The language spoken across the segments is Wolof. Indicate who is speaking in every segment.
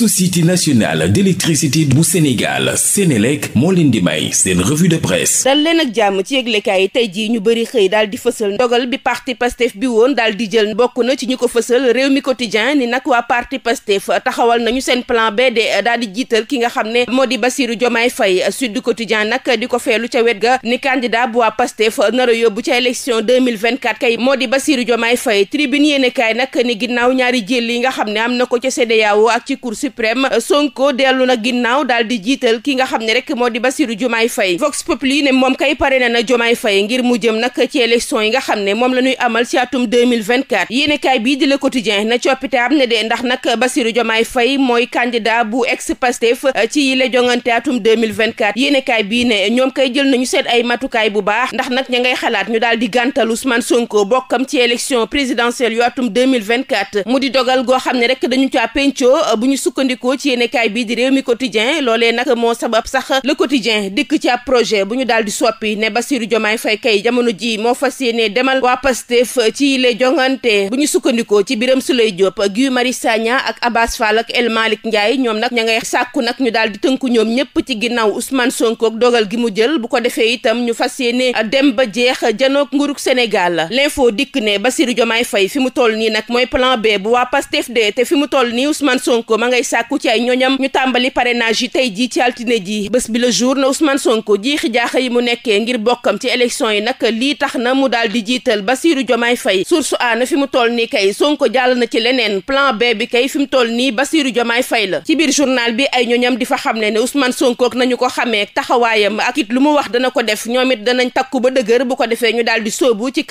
Speaker 1: société nationale d'électricité bu Sénégal Sénélec moo leen di may seen revue de presse dal leen ak jàmm ci yëglekaay yi tey jii ñu bëri xëy daal di fësal ndogal bi parti Pastef bi woon daal di jël bokk na ci ñu ko fësal réew mi quotidien ni nag waa parti Pastef taxawal nañu seen plan B de di jiital ki nga xam ne moo di Bassirou Diomaye Faye Sud Quotidien nag di ko feelu ca wet ga ni candidat bu waa Pastef nar a yóbbu ca élection 2024 kay moo di Bassirou suprême Sonko dellu na ginnaaw daal di jiital ki nga xam ne rek moo di Bassirou Diomaye Faye Vox Populi ne moom kay pare na na Diomaye Faye ngir mu jëm nag ci élection yi nga xam ne moom la ñuy amal ci atum 2024 yéenekaay bii di Le Quotidien na coppite am ne de ndax nag Bassirou Diomaye Faye mooy candidat bu ex Pastef eh, ci yi atum 2024 yéenekaay bii ne ñoom kay jël nañu seet ay matukaay bu baax ndax nag ña ngay xalaat ñu daal di gàntal Ousmane Sonko bokkam ci élection présidentielle yu atum 2024 mu di dogal goo xam ne sukkandikoo ci yéenekaay bi di réew mi quotidien loole nag moo sabab sax le quotidien dikk ci ab projet bu ñu daal di soppi ne Bassirou Diomaye Faye kay jamono ji moo fas yéene demal waa Pastef ci les jongante bu ñu sukkandikoo ci Birame Souleye Diop Guy Marius Sagna ak Abass Fall ak El Malick Ndiaye ñoom nag ña ngay sàkku nag ñu daal di tënku ñoom ñépp ci ginnaaw Ousmane Sonko ak dogal gi mu jël bu ko defee itam ñu fas yéene dem ba jeex janook nguruk Sénégal l'info dikk ne Bassirou Diomaye Faye fi mu toll nii nag mooy plan B bu waa Pastef de te fi mu toll nii Ousmane Sonko ma ngay ngay sàkku ci ay ñoñam ñu tàmbali parrainage yi tey jii ci altine ji bés bi le jour na Ousmane Sonko jiixi jaaxa yi mu nekkee ngir bokkam ci élection di a na fi na ci leneen plan B bi la ci biir ko xamee taxawaayam ak it lu mu ba dëgër bu ko defee ñu daal di sóobu ci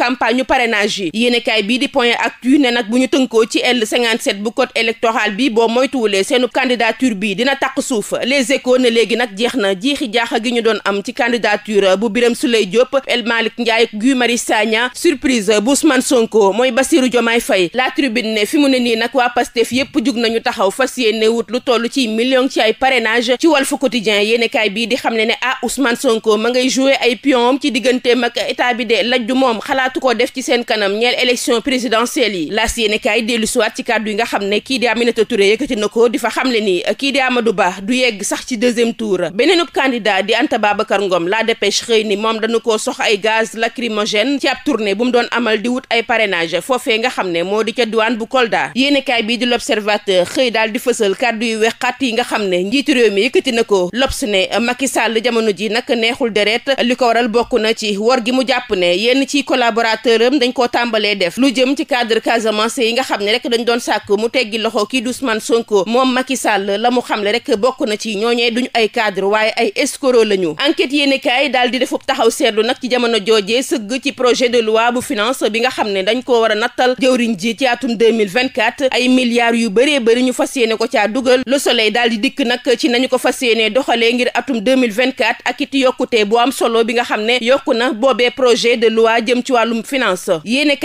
Speaker 1: bi boo moytuwulee ne seenu candidature bi dina takk suuf les échos ne léegi nag jeex na jiixi jaaxa gi ñu doon am ci candidature bu biram Birame Souleye Diop El Malick Ndiaye Guy Marius Sagna surprise bu Ousmane Sonko mooy Bassirou Diomaye fay la tribune ne fi mu ne nii nag waa Pastef yépp jug nañu taxaw fas yéene wut lu toll ci million ci ay parrainage ci Walf Quotidien yéenekaay bii di xam ne ne ah Ousmane Sonko ma ngay jouer ay pion ci digganteem ak état bi de lajju moom xalaatu ko def ci seen kanam ñeel élection présidentielle yi laas yéenekaay dellu siwaat ci kàddu yi nga xam ne kii di Aminata Touré yëkkati na ko di fa xamle ni kii di Amadou Ba du yegg sax ci deuxième tour beneenub candidat di Anta Babacar Ngom la dépêche xëy ni moom dañu ko sox ay gaz lacrymogène ci ab tournée bu mu doon amal di wut ay parrainage foofee nga xam ne moo di ca diwaan bu Kolda yéenekaay bii di l'observateur xëy daal di fësal kàddu yu wexxat yi nga xam ne njiitu réew mi yëkkati na ko L'Obs ne Macky Sall jamono ji nag neexul deret li ko waral bokk na ci wor gi mu jàpp ne yenn ci collaborateur am dañ koo tàmbalee def lu jëm ci cadre Casamance yi nga xam ne rek dañ doon sàkk moom Macky Sall la mu xamle rek bokk na ci ñooñee duñu ay cadre waaye ay escroc la ñu enquête yéeni kaay taxaw seetlu nag ci jamono joojee sëgg ci projet de loi bu finance bi nga xam ne dañ koo war a nattal jëwriñ ji ci atum 2024 ay milliards yu bëree bëri ñu fas yéene ko caa dugal Le Soleil daal dikk nag ci nañu ko fas yéene doxalee ngir atum 2024 ak it am solo bi nga xam ne yokku na boobee projet de loi jëm ci wàllum finance yéene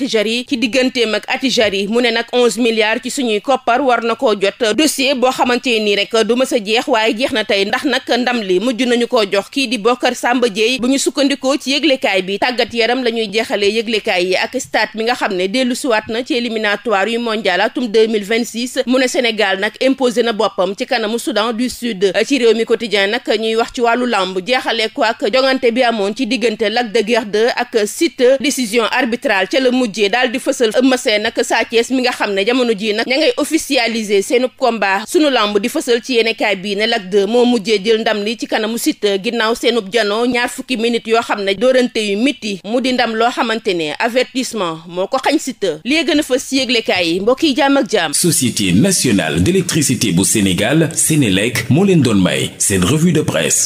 Speaker 1: Attijari ci digganteem ak Attijari mu ne nag onze milliards ci suñuy koppar war na koo jot dossier boo xamante nii rek du mës a jeex waaye jeex na tey ndax nag ndam li mujj nañu koo jox kii di Bocar Samba Dièye bu ñu sukkandikoo ci yëglekaay bi tàggat yaram la ñuy jeexalee yëglekaay yi ak stade bi nga xam ne dellu siwaat na ci éliminatoire yu mondial atum 2026 mu ne Sénégal nag imposé na boppam ci kanamu Soudan du Sud ci réew mi quotidien nag ñuy wax ci wàllu làmb jeexalee ko ak jongante bi amoon ci diggante Lac de Guiers ak Siteu décision arbitrale mujjee daal di fësal Eumeu Sène nag mi nga xam ne jamono ji nag ña ngay officialiser seen combat sunu làmb di fësal ci yéenekaay bii ne Lac 2 moo mujjee jël ndam li ci kanamu Siteu ginnaaw seenub janoo ñaar fukki minutes yoo xam ne dóorante yu miti mu di ndam loo xamante ne avertissement moo ko xañ Siteu li gën a fës ci yëglekaay yi mbokk yi jàmm ak jàmm Société nationale d'électricité bu Sénégal Sénélec moo leen doon may seen revue de presse